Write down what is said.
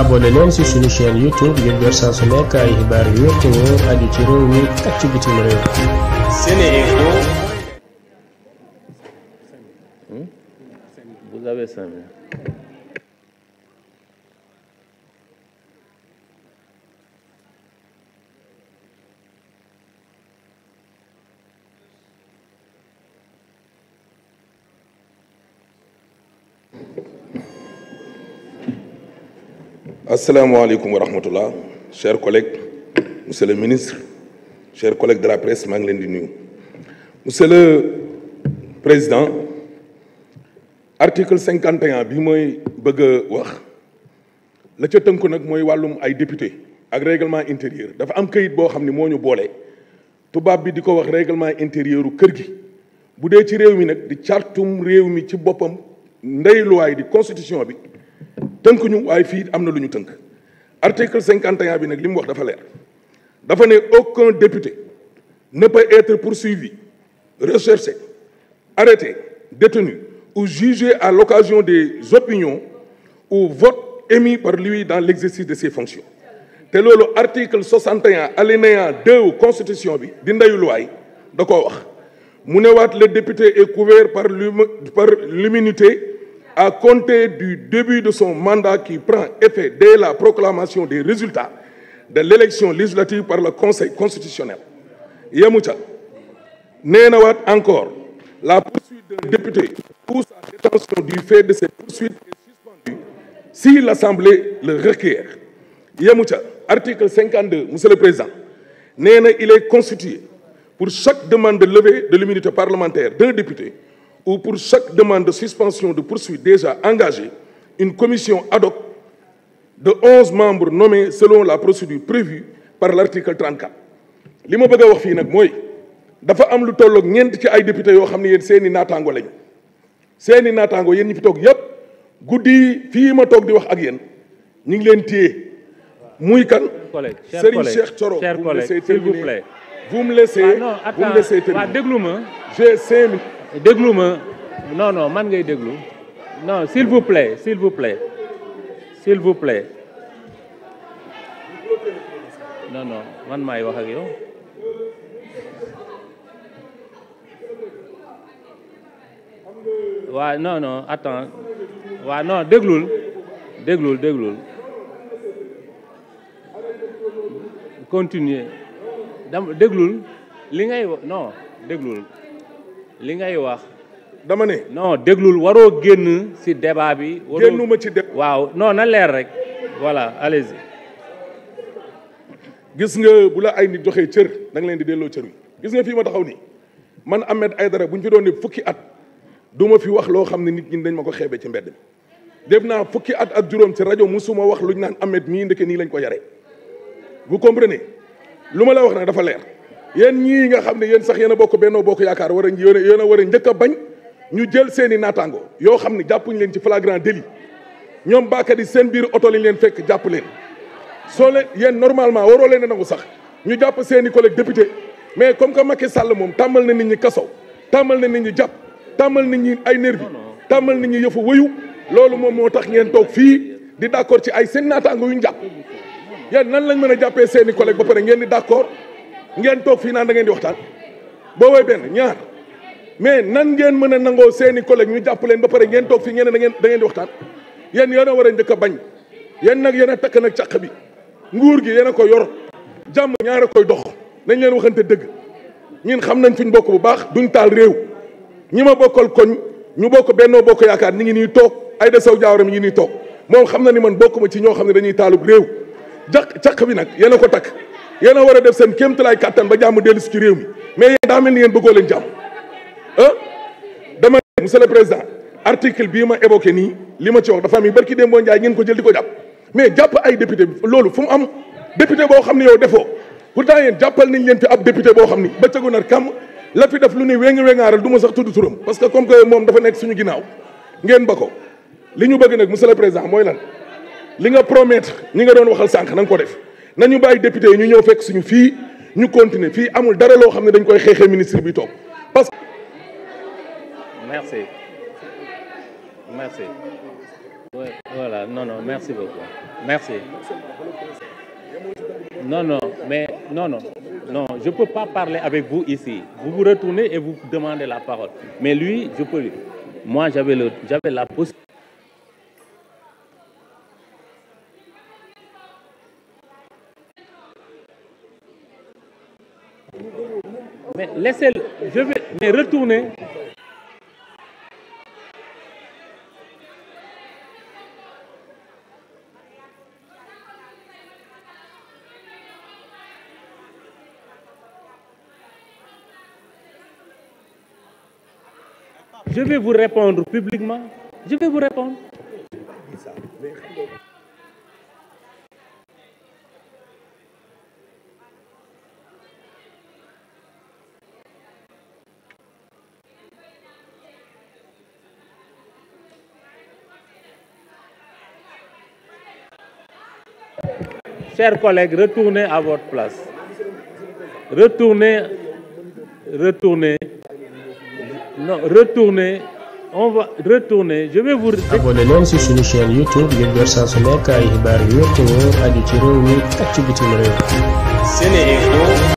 abonné leen ci suñu chaîne YouTube ngir jot saa su nekk ay xibaar yu wér te ci réew mi ci bitim réew. asalaamaaleykum wa rahmatullah chers collègues monsieur le ministre chers collègues de la presse maa ngi leen di nuyu monsieur le président article cinquante et un bi mooy bëgg wax la ca tënku nag mooy wàllum ay député ak réglement intérieur dafa am kayit boo xam ne moo ñu boole tubaab bi di ko wax réglement intérieur kër gi bu dee ci réew mi nag di cartum réew mi ci boppam ndey luwaay di constitution bi tënk ñu waaye fii am na lu ñu tënk article cinquante et bi nag li mu wax dafa leer dafa ne aucun député ne peut être poursuivi recherché arrêté détenu ou jugé à l'occasion des opinions ou votes émis par lui dans l'exercice de ses fonctions te loolu article 61 alinéa 2 constitution bi di ndeyu luwaay da ko wax mu ne waat le député est couvert par par l'immunité à compter du début de son mandat qui prend effet dès la proclamation des résultats de l'élection législative par le Conseil yemu ca nee na waat encore la poursuite d'un député ou sa détention du fait de cette poursuite est suspendue si l'Assemblée le requiert yemu ca article 52 monsieur le président nee na il est pour chaque demande de levée de l'immunité parlementaire d'un ou pour chaque demande de suspension de poursuite déjà engagée, une commission ad hoc de onze membres nommés selon la procédure prévue par l'article 34 li ma bëgg a wax fii nag mooy dafa am lu tolloog ñeent ci ay député yoo xam ne yéen seeni naataango lañu seeni naataango yéen ñi fi toog yépp guddi fii ma toog di wax ak yéen ñu ngi leen téye muy kan Serigne Cheikh Thioro vous me laissez terminer ah vous me laissez vous déglu ma non man ngay déglu non s'il vous plaît s'il vous man maay wax ak yow. waaw non non attends waaw non déglul déglul déglul continuer dam déglul li ngay non déglul li ngay wax. dama ne. non déglul waroo génn ci débat bi. waroo génnuma ci débat. waaw no na leer rek voilà allez-y. gis nga bu la ay nit joxe cër da leen di delloo cër yi gis nga fii ma taxaw nii man Ahmed Aidara bu ñu fi doon ne fukki at du ma fi wax loo xam ne nit ñi dañ ma ko xeebee ci mbedd mi. def naa fukki at ak juróom ci rajo musuma wax lu ñu naan Ahmed mii ndeke nii lañ ko yare bu comprenez lu ma la wax nag dafa leer. yéen ñii nga xam ne yéen sax yéen a bokk benn bokk yaakaar war a yéen a war a njëkk a bañ ñu jël seeni i naataango yoo xam ne jàppuñu leen ci flagrant délit ñoom baakat yi seen biir oto lañ leen fekk jàpp leen. soo leen yéen normalement waroo leen a nangu sax ñu jàpp seeni i collègue député mais comme que Macky Sall moom tàmmal na nit ñi kaso tàmmal na nit ñi jàpp tàmmal nit ñi ay nervi tàmmal nit ñi yëfu wëyu loolu moom moo tax ngeen toog fii di d' ci ay seen naataango yu ñu jàpp yéen nan lañ mën a jàppee seen i collègue ba ngeen di d' accord ngeen toog fi naan da ngeen di waxtaan boo woy benn ñaar mais nan ngeen mën a nangoo seeni collègue ñu jàpp leen ba pare ngeen toog fi ngeen ne da da ngeen di waxtaan yen yéen a war a njëkk a bañ yéen nag yéen a takk nag càq bi nguur gi yéen a ko yor jàmm ñaar a koy dox nañ leen waxante dëgg ñun xam nañ fuñ bokk bu baax duñ taal réew ñi ma bokkal koñ ñu bokk bennoo bokk yaakaar ni ngi nii toog ay de saw jaawara mi ngi nii toog moom xam na ni man bokkuma ci ñoo xam ne dañuy taalub réew jaq càq bi nag yéen a ko takk yéen a war a def seen kéemtalaay kàttan ba jàmm dellu si ci réew mi mais yéen daa mel ni yéen bëggoo leen jàmm ah dama ne monsieur nii li ma ci wax am yi barki démb boo njaay ngeen ko jël di ko jàpp mais jàpp ay député loolu fu mu am député boo xam ne yow defoo pourtant yéen jàppal nañ leen fi ab député boo xam ni ba cëgu nar kam la fi def lu ne wéngi wéngaaral du ma sax tudd turam parce que comme que moom dafa nekk suñu ginnaaw ngeen ba ko li ñu bëgg nag monsieur le président mooy lan li nga promettre ñi nga doon waxal sànq na nga def nañu bàyyi député yi ñu ño fekk suñu fii ñu continuer fii amul darai loo xam ne dañ koy xeexee ministre bi toog parce que. merci merci voilà non non merci beaucoup merci mais non non non je peux pas parler avec vous ici vous vous retournez et vous demandez la parole mais lui je peux lui moi j'avais le j'avais la possibilité Mais laissez, je vais, mais retourner. Je vais vous répondre publiquement. Je vais vous répondre. chers collègues, retournez à votre place. Retournez, retournez, non, retournez, on va retourner, je vais vous... abonné leen ci suñu chaîne YouTube ngir jot saa su nekk ay xibaar yu wér te wóor aju ci mi ak